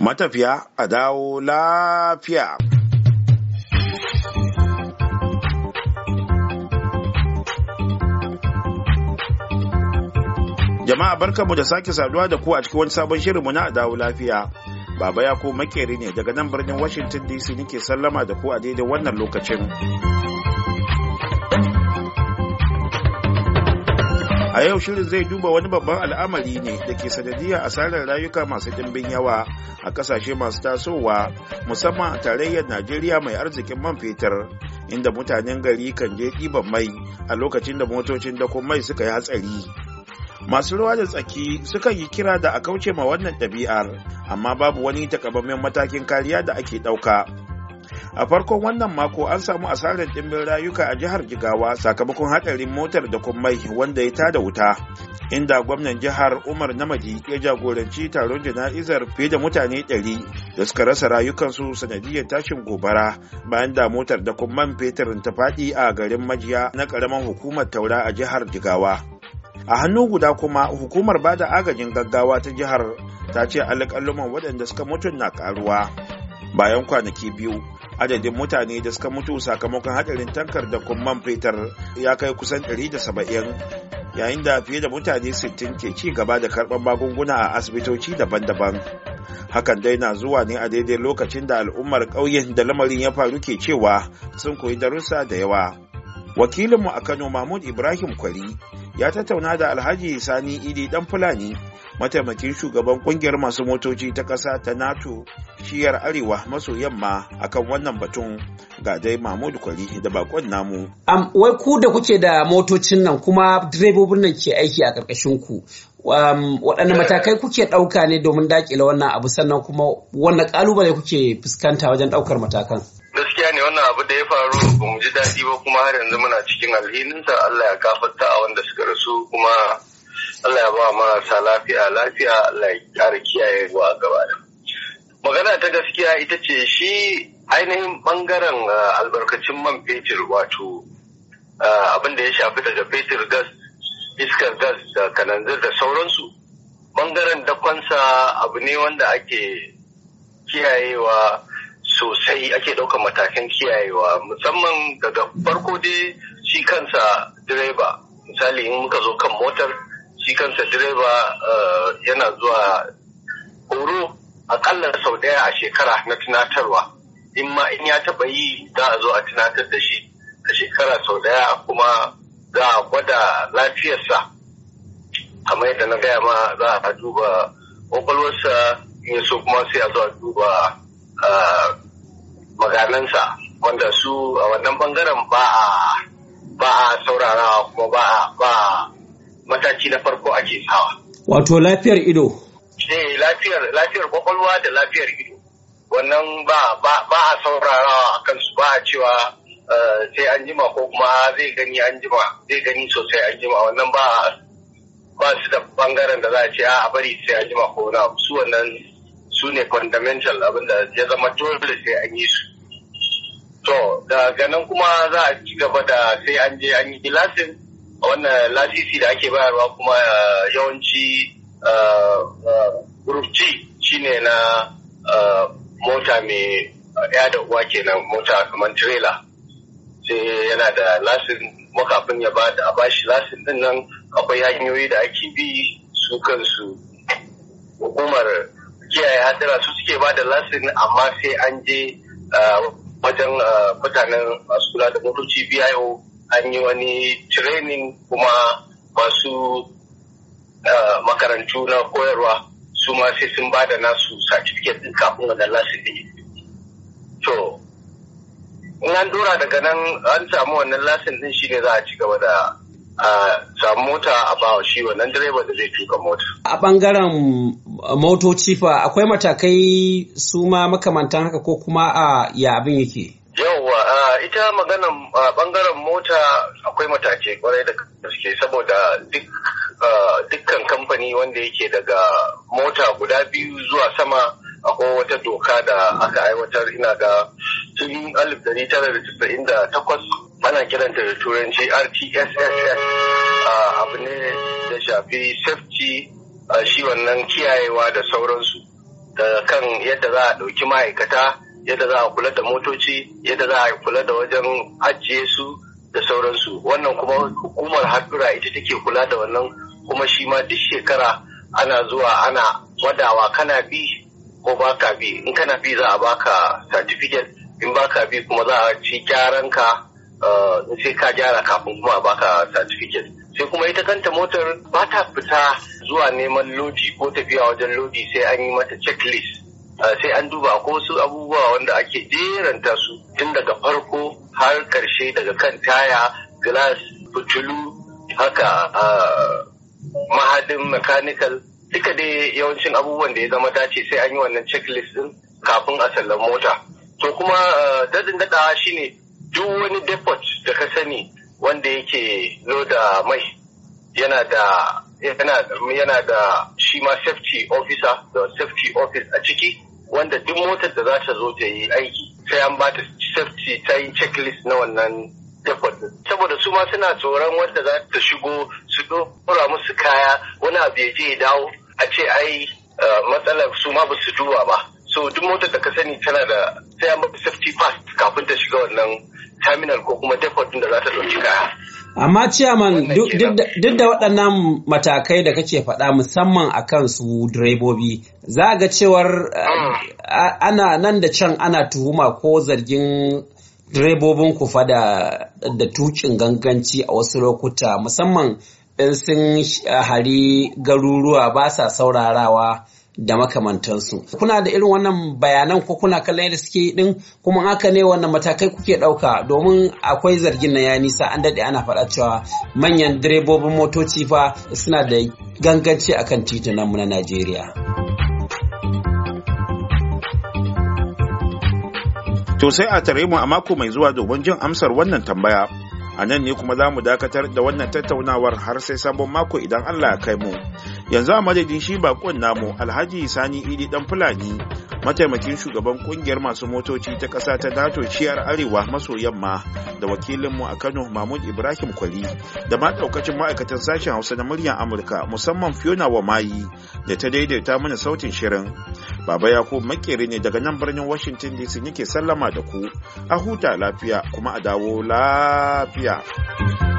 matafiya a dawo lafiya. Jama'a barkanmu da sake saduwa da ku a cikin wani sabon shirinmu na a dawo lafiya. Baba ya ko makeri ne daga nan birnin Washington DC nake sallama da ku a daidai wannan lokacin. a yau shirin zai duba wani babban al'amari ne da ke sanadiyar asarar rayuka masu dimbin yawa a kasashe masu tasowa musamman a tarayyar najeriya mai arzikin man fetur inda mutanen gari kan je ɗiban mai a lokacin da motocin dako mai suka yi hatsari masu ruwa da tsaki sukan yi kira da a kauce ma wannan ɗabi'ar amma babu wani takamaiman matakin kariya da ake ɗauka a farkon wannan mako an samu asarar dimbin rayuka a jihar jigawa sakamakon hatsarin motar da kummai wanda ya tada wuta inda gwamnan jihar umar namadi ya jagoranci taron jana'izar fiye da mutane 100 da suka rasa rayukansu sanadiyar tashin gobara bayan da motar da kumman fetur ta faɗi a garin majiya na ƙaramin hukumar taura a jihar jigawa a hannu guda kuma hukumar ba da agajin gaggawa ta jihar ta ce alƙaluman waɗanda suka mutu na ƙaruwa bayan kwanaki biyu adadin mutane da suka mutu sakamakon hadarin tankar da kumman fetur ya kai kusan 170 yayin da fiye da mutane 60 ke ci gaba da karɓar magunguna a asibitoci daban-daban hakan dai na zuwa ne a daidai lokacin da al'ummar ƙauyen da lamarin ya faru ke cewa sun koyi darussa da yawa wakilinmu a kano mahmud ibrahim kwari ya tattauna da alhaji sani idi dan fulani mataimakin shugaban kungiyar masu motoci ta ƙasa ta nato shiyar arewa maso yamma akan wannan batun ga dai mahmud kwari da bakon namu wai ku da kuke da motocin nan kuma direbobin nan ke aiki a ƙarƙashin ku um, waɗanne matakai kuke ɗauka ne domin daƙile wannan abu sannan kuma wannan ƙalubale kuke fuskanta wajen ɗaukar matakan gaskiya ne wannan abu da ya faru ba mu ji daɗi ba kuma har yanzu muna cikin alhininsa Allah ya gafarta a wanda suka rasu kuma Allah ya ba marasa lafiya lafiya Allah ya kare kiyaye wa gaba da magana ta gaskiya ita ce shi ainihin bangaren ah, albarkacin man fetur wato ah, abin da ya shafi daga fetur gas iskar gas da kananzir da sauransu bangaren dakonsa abu ne wanda ake kiyayewa sosai ake ɗaukar matakan kiyayewa musamman daga farko dai shi kansa direba misali in muka zo kan motar shi kansa direba eh, yana zuwa horo akalla sau ɗaya a shekara na tunatarwa in ma in ya taɓa yi za a zo a tunatar da shi a shekara sau ɗaya kuma za a gwada lafiyarsa kamar yadda na gaya ma za a duba kwakwalwarsa in so kuma sai a zo a duba eh, maganansa wanda su a wannan bangaren ba a saurarawa kuma ba a mataki na farko ake sawa. Wato lafiyar ido? Eh lafiyar lafiyar kwakwalwa da lafiyar ido. Wannan ba ba ba a saurarawa a kansu ba a cewa eh, sai an jima ko kuma zai gani an jima zai gani sosai an jima wannan ba ba su da bangaren da za a ce a bari sai an jima ko na su wannan su ne fundamental abinda ya zama dole sai an yi su. To da ganin kuma za a ci gaba da sai an je an yi lasin wannan lasisi da ake bayarwa kuma eh, yawanci eh, eh, group c shine na mota mai ya da uwa kenan mota kamar trailer sai yana da lasin makafin ya ba da abashi lasin din nan akwai hanyoyi da ake bi su kansu hukumar kiyaye hadira su suke ba da lasin amma sai an je wajen mutanen masu kula da motoci biyo an yi wani training kuma masu ah, makarantu na koyarwa su ma sai sun ba da nasu certificate din kafin wannan lasifin to in an dora daga nan an samu wannan lasin din shine za a ci gaba da ah, samu mota a bawa shi wannan direba da zai tuka mota. A bangaren motoci fa akwai matakai su ma makamantan haka ko kuma a ah, ya yake? yauwa ita maganan bangaren mota akwai matace kwarai da gaske saboda dukkan kamfani wanda yake daga mota guda biyu zuwa sama akwai wata doka da aka aiwatar ina ga tun 1998 ana kiranta da turanci rtss abu ne da shafi safety shi wannan kiyayewa da sauransu da kan yadda za a ɗauki ma'aikata yadda za a kula da motoci yadda za a kula da wajen ajiye su da sauransu wannan kuma hukumar haɗura ita take kula da wannan kuma shi ma duk shekara ana zuwa ana wadawa kana bi ko baka bi in kana bi za a baka certificate in baka bi kuma za a ci gyaran ka eh, sai ka gyara kafin kuma a baka certificate sai kuma ita kanta motar ba ta fita zuwa neman lodi ko tafiya wajen lodi sai an yi mata checklist sai an duba ko su abubuwa wanda ake jeranta su tun daga farko har karshe daga kan taya glass fitulu haka mahadin mechanical duka dai yawancin abubuwan da ya zama dace sai an yi wannan checklist din kafin a sallar mota to kuma dadin dadawa shine duk wani depot da ka sani wanda yake loda mai yana da yana da shi ma safety officer da safety office a ciki wanda duk motar da za ta zo ta yi aiki sai an ba ta safety ta yi checklist na wannan saboda su ma suna tsoron wanda za ta shigo su dora musu kaya wani abu ya je ya dawo a ce ai eh, matsalar su ma ba su duba ba so duk motar da ka sani tana da sai an ba safety pass kafin ta shiga wannan terminal ko kuma ɗin da za ta ɗauki kaya Amma ciyaman duk da waɗannan matakai da kake faɗa musamman a kan su direbobi, za ga cewar eh, ana nan da can ana tuhuma ko zargin direbobin ku fa da tukin ganganci a wasu lokuta musamman in sun hari garuruwa ba sa saurarawa. da makamantansu kuna da irin wannan bayanan ko kuna kallon yadda suke yi din kuma haka ne wannan matakai kuke ɗauka domin akwai zargin na ya nisa an daɗe ana faɗa cewa manyan direbobin motoci fa suna da ganganci a akan mu na najeriya to sai a tare mu a mako mai zuwa domin jin amsar wannan tambaya a nan ne kuma za mu dakatar da wannan tattaunawar har sai sabon mako idan allah ya kai mu yanzu a madadin shi bakon namu alhaji sani idi dan fulani mataimakin shugaban kungiyar masu motoci ta ƙasa ta nato ciyar arewa maso yamma da wakilinmu a kano mahmud ibrahim kwali da ma daukacin ma'aikatan sashen hausa na muryar amurka musamman fiona wa mayi da ta daidaita mana sautin shirin baba yakubu makere ne daga nan birnin washington dc nake sallama da ku a huta lafiya kuma a dawo lafiya.